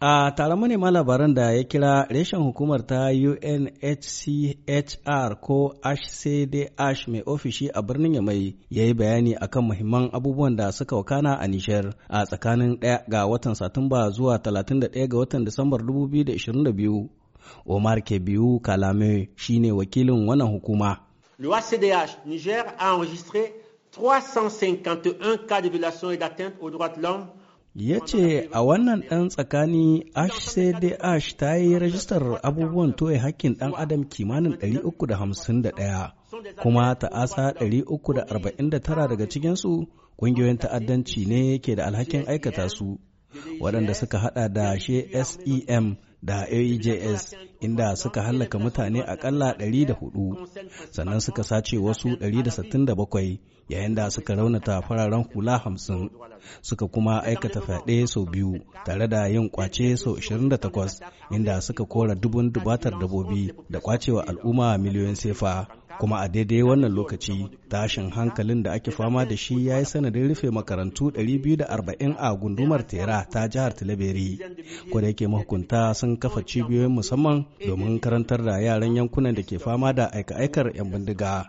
A taron manema labaran da ya kira reshen hukumar ta UNHCHR ko HCDH mai ofishi a birnin Yamai ya yi bayani akan muhimman abubuwan da suka wakana a Nishar a tsakanin 1 ga watan Satumba zuwa 31 ga watan Disambar 2022. Omar Kebiu Kalame shine wakilin wannan hukuma. Le HCDH Niger a enregistré 351 cas de violation et d'atteinte aux droits de l'homme ya ce a wannan ɗan tsakani hcdh ta yi rajistar abubuwan toye hakkin ɗan adam kimanin 351 kuma ta'asa 349 daga cikinsu ƙungiyoyin ta'addanci ne ke da alhakin aikata su waɗanda suka hada da sem da aejs inda suka hallaka mutane akalla 104 sannan suka sace wasu 167 yayin da suka raunata fararen hula 50 suka kuma aikata fyaɗe sau biyu tare da yin kwace sau 28 inda suka kora dubun dubatar dabobi da kwacewa al'umma miliyoyin sefa kuma a daidai wannan lokaci tashin hankalin da ake fama da shi ya yi sanadin rufe makarantu 240 a gundumar tera ta jihar tilaberi ko da yake mahukunta sun kafa cibiyoyin musamman domin karantar da yaran yankunan da ke fama da aika-aikar 'yan bindiga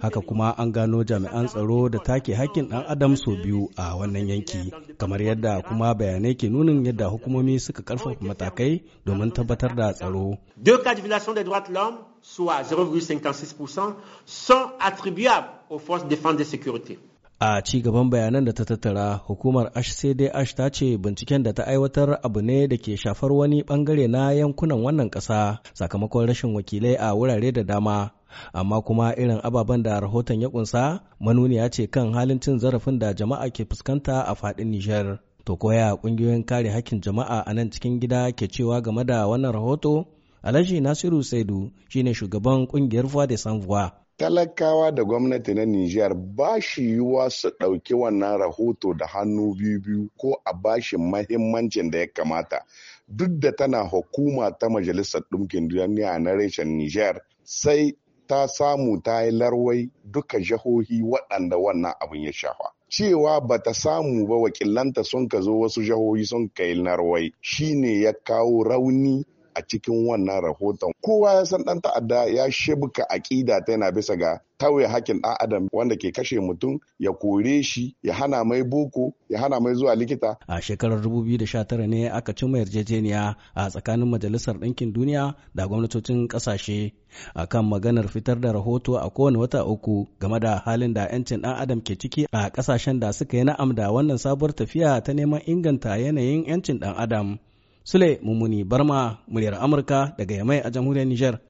haka kuma an gano jami'an tsaro da take hakkin ɗan adam sau biyu a wannan yanki kamar yadda kuma bayanai ke nunin yadda hukumomi suka karfafa matakai domin tabbatar da tsaro a ci gaban bayanan da ta tattara hukumar hcdh ta ce binciken da ta aiwatar abu ne da ke shafar wani bangare na yankunan wannan ƙasa sakamakon rashin wakilai a wurare da dama amma kuma irin ababen da rahoton ya kunsa manuniya ce kan halin cin zarafin da jama'a ke fuskanta a fadin Nijar. To koya kungiyoyin kare hakkin jama'a a nan cikin gida ke cewa game da wannan rahoto? Alhaji Nasiru Saidu shine shugaban ƙungiyar Voix de Sans talakawa da gwamnati na Nijar ba shi yiwuwa su ɗauki wannan rahoto da hannu biyu-biyu ko a bashi mahimmancin da ya kamata. Duk da tana hukuma ta Majalisar Ɗumkin Duniya na reshen Nijar sai ta samu ta yi larwai duka jahohi waɗanda wannan abin ya shafa. Cewa ba ta samu ba wakilanta sun ka zo wasu jahohi sun ka yi larwai ne ya kawo rauni a cikin wannan rahoton kowa ya san dan ta'adda ya shibka aƙida ta yana bisa ga tauye hakin ɗan adam wanda ke kashe mutum ya kore shi ya hana mai boko ya hana mai zuwa likita a shekarar 2019 ne aka mai yarjejeniya a tsakanin majalisar ɗinkin duniya da gwamnatocin ƙasashe akan maganar fitar da rahoto a kowane wata uku game da halin da 'yancin ɗan adam ke ciki a ƙasashen da suka yi na'am da wannan sabuwar tafiya ta neman inganta yanayin 'yancin ɗan adam Sule Mummuni Barma, muryar Amurka daga Yamai a jamhuriyar niger.